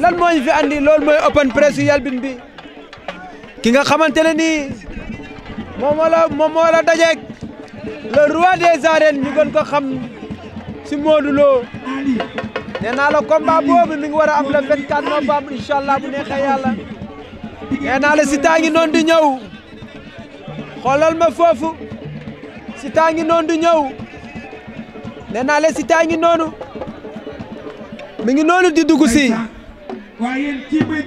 lan moo ñu fi andi loolu mooy open press yu yalbin bi ki nga xamante ne nii moom moo la moom moo la dajeeg le roi des ko xam si Modou Lo nee naa la combat boobu mi ngi war a am le 24 novembre incha allah bu neexee naa la si taa ngi noonu di ñëw xoolal ma foofu si taa noonu di ñëw nee naa la si taa noonu. mi ngi noonu di dugg si. waaye yéen kii may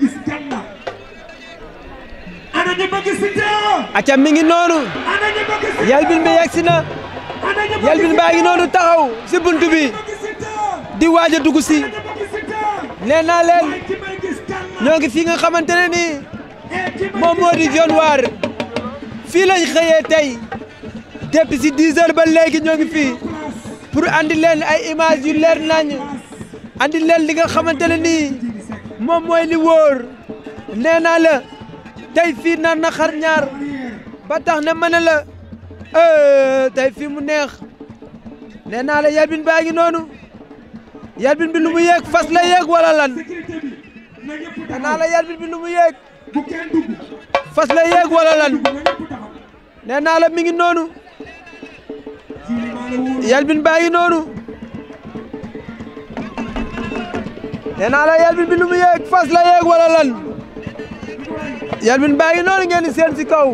mi ngi noonu. ana si yalbin bi yegg na. ana yalbin baa ngi noonu taxaw si buntu di waaj a dugg si. nee naa leen ñoo ngi fii nga xamante ne nii eh, moom moo di Dionne Waar fii lañ xëyee tey depuis si 10 heures ba léegi ñoo ngi fii pour andi leen ay image yu leer nañ. andi leen li nga xamante nii moom mooy li wóor nee naa tey fii naan na xar ñaar ba ne mën na la eh, tey fii mu neex nee naa la yarbin baa ngi noonu yarbin bi lu mu yéeg fas la yéeg wala lan nee naa la mi ngi noonu yarbin baa ngi noonu. nee naa la Yelbine bi lu mu yéeg fas la yéeg wala lan Yelbine baa ngi si kaw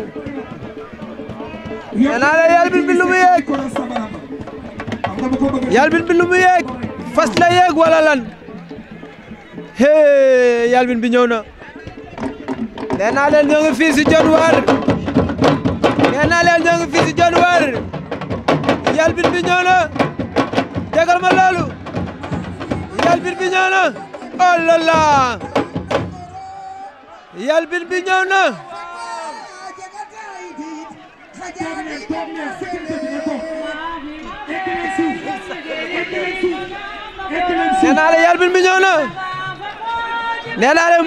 nee naa la bi lu mu yéeg Yelbine bi lu yéeg fas la yéeg wala lan hee Yelbine bi ñëw na nee naa leen ñoo ngi fii si John War nee naa leen bi ñëw na jégal ma loolu bi ñëw na oh là là yalbin bi ñëw na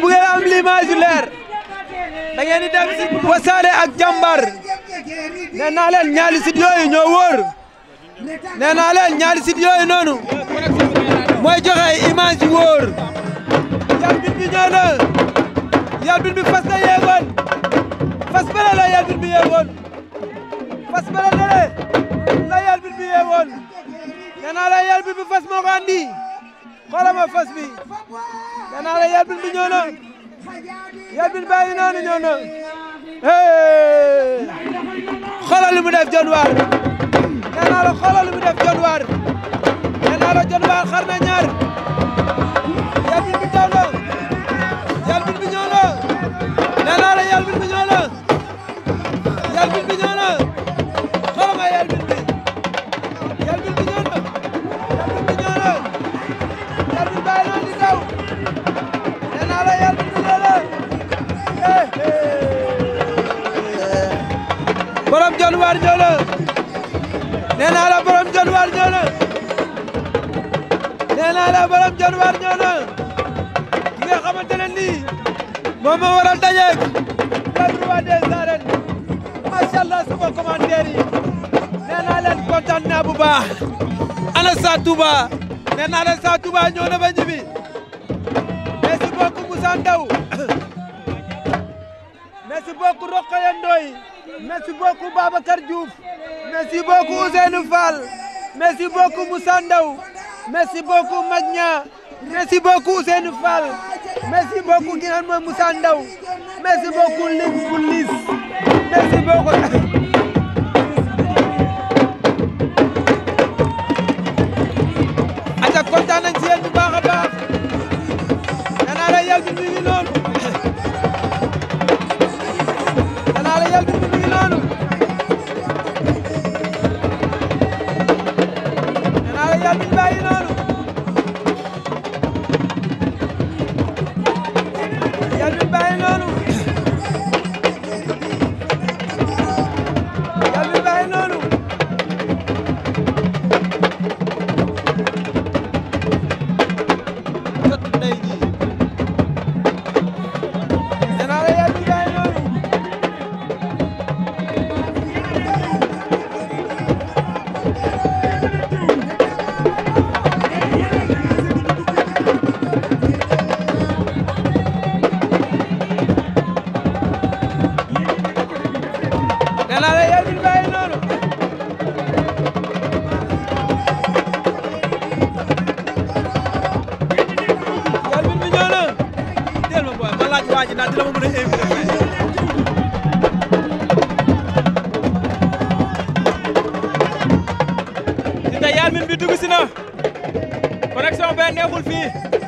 bu ngeen am l'image leer da ngeen di dem si wasaare ak jàmbar nee naa leen ñaari sit yooyu ñoo wóor nee naa leen ñaari sit mooy joxe ay image yu wóor yal bin bi ñëw na yal la yeegoon fas bële la yal la yal bin bi yeegoon gannaaw la yal bin bi fas moo ko andi xoolal ma fas bi mu def John War gannaaw la mu def John War Diallo Dione Bal xar na ñaar yal bin bi daw na yal bin na la yal bin bi ñëw na Yalla borom Januwaar ñëw na ki nga xamante ne nii moo waral dajeeg le roi des arènes macha allah sama commentaire yi naa leen kontaan naa bu baax ana Sa Touba nee naa leen Sa Touba ñëw na ba ñibbi merci beaucoup Moussa Ndaw merci beaucoup Rokhaya Ndoye merci beaucoup Babacar Diouf merci beaucoup Ousseynou Fall merci beaucoup Moussa Ndaw merci beaucoup Magna merci beaucoup Ousseynou Fall merci beaucoup ki nga xam mooy Moussa Ndaw merci beaucoup Lim Poulis merci beaucoup. dara neexul fii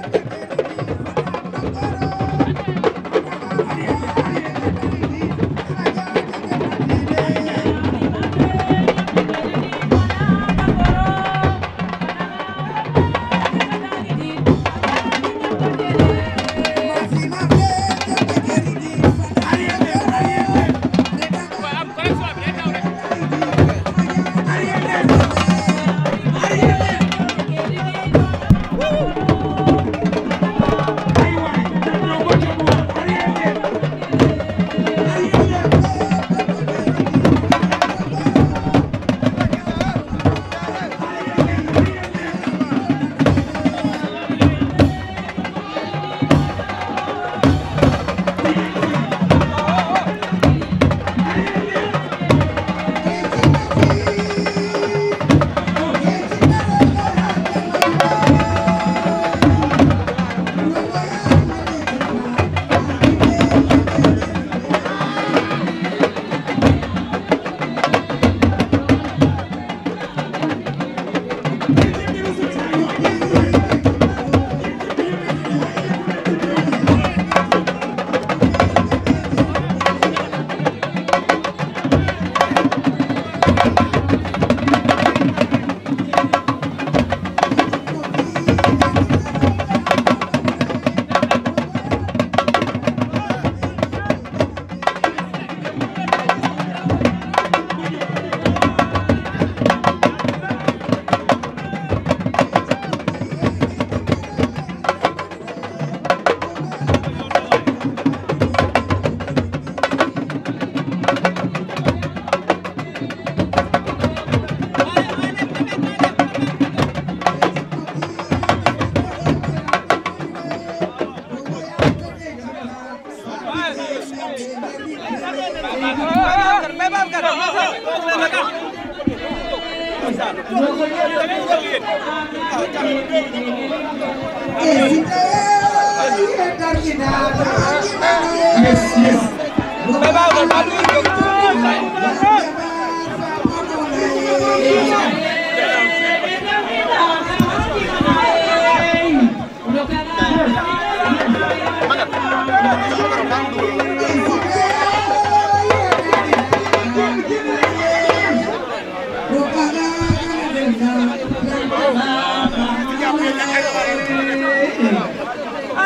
Yes, yes.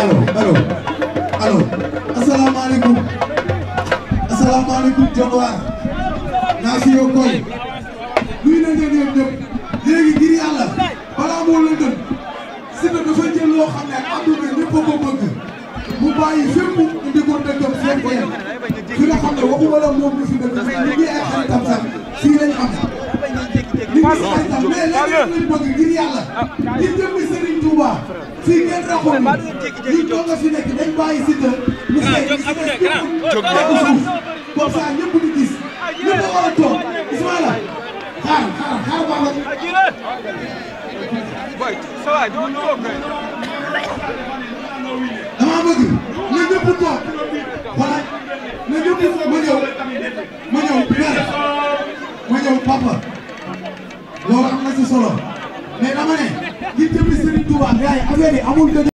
allo allo asalaamaaleykum asalaamaaleykum Dionewar naa si yow koy luy na leen yéen ñëpp léegi ngir yàlla balaa moo lëndëm si dafa loo xam ne àdduna ñëpp a ko bëgg mu bàyyi fépp indi ko dëggam seen boyam fi nga xam ne waxuma la moom ñu fi dëgg ñu ngi ay xaritam sax fii lañ am ñu ngi ay tam mais léegi lañ bëgg ngir yàlla ñi jëmmi Serigne Touba fii ngeen raxoon ñi ñoo nga fi nekk dañ bàyyi Siteu mu seey ñu seey ko suuf comme ça ñëpp di gis ñëpp a war a toog Ismaïla xaar xaar xaar baax la dama bëgg na ñëpp toog wala na ñëpp ma ñëw ma ñëw père ma ñëw papa loolu am na ci solo mais dama ne ngir jëmmi Serigne Touba gars yi affaire yi amul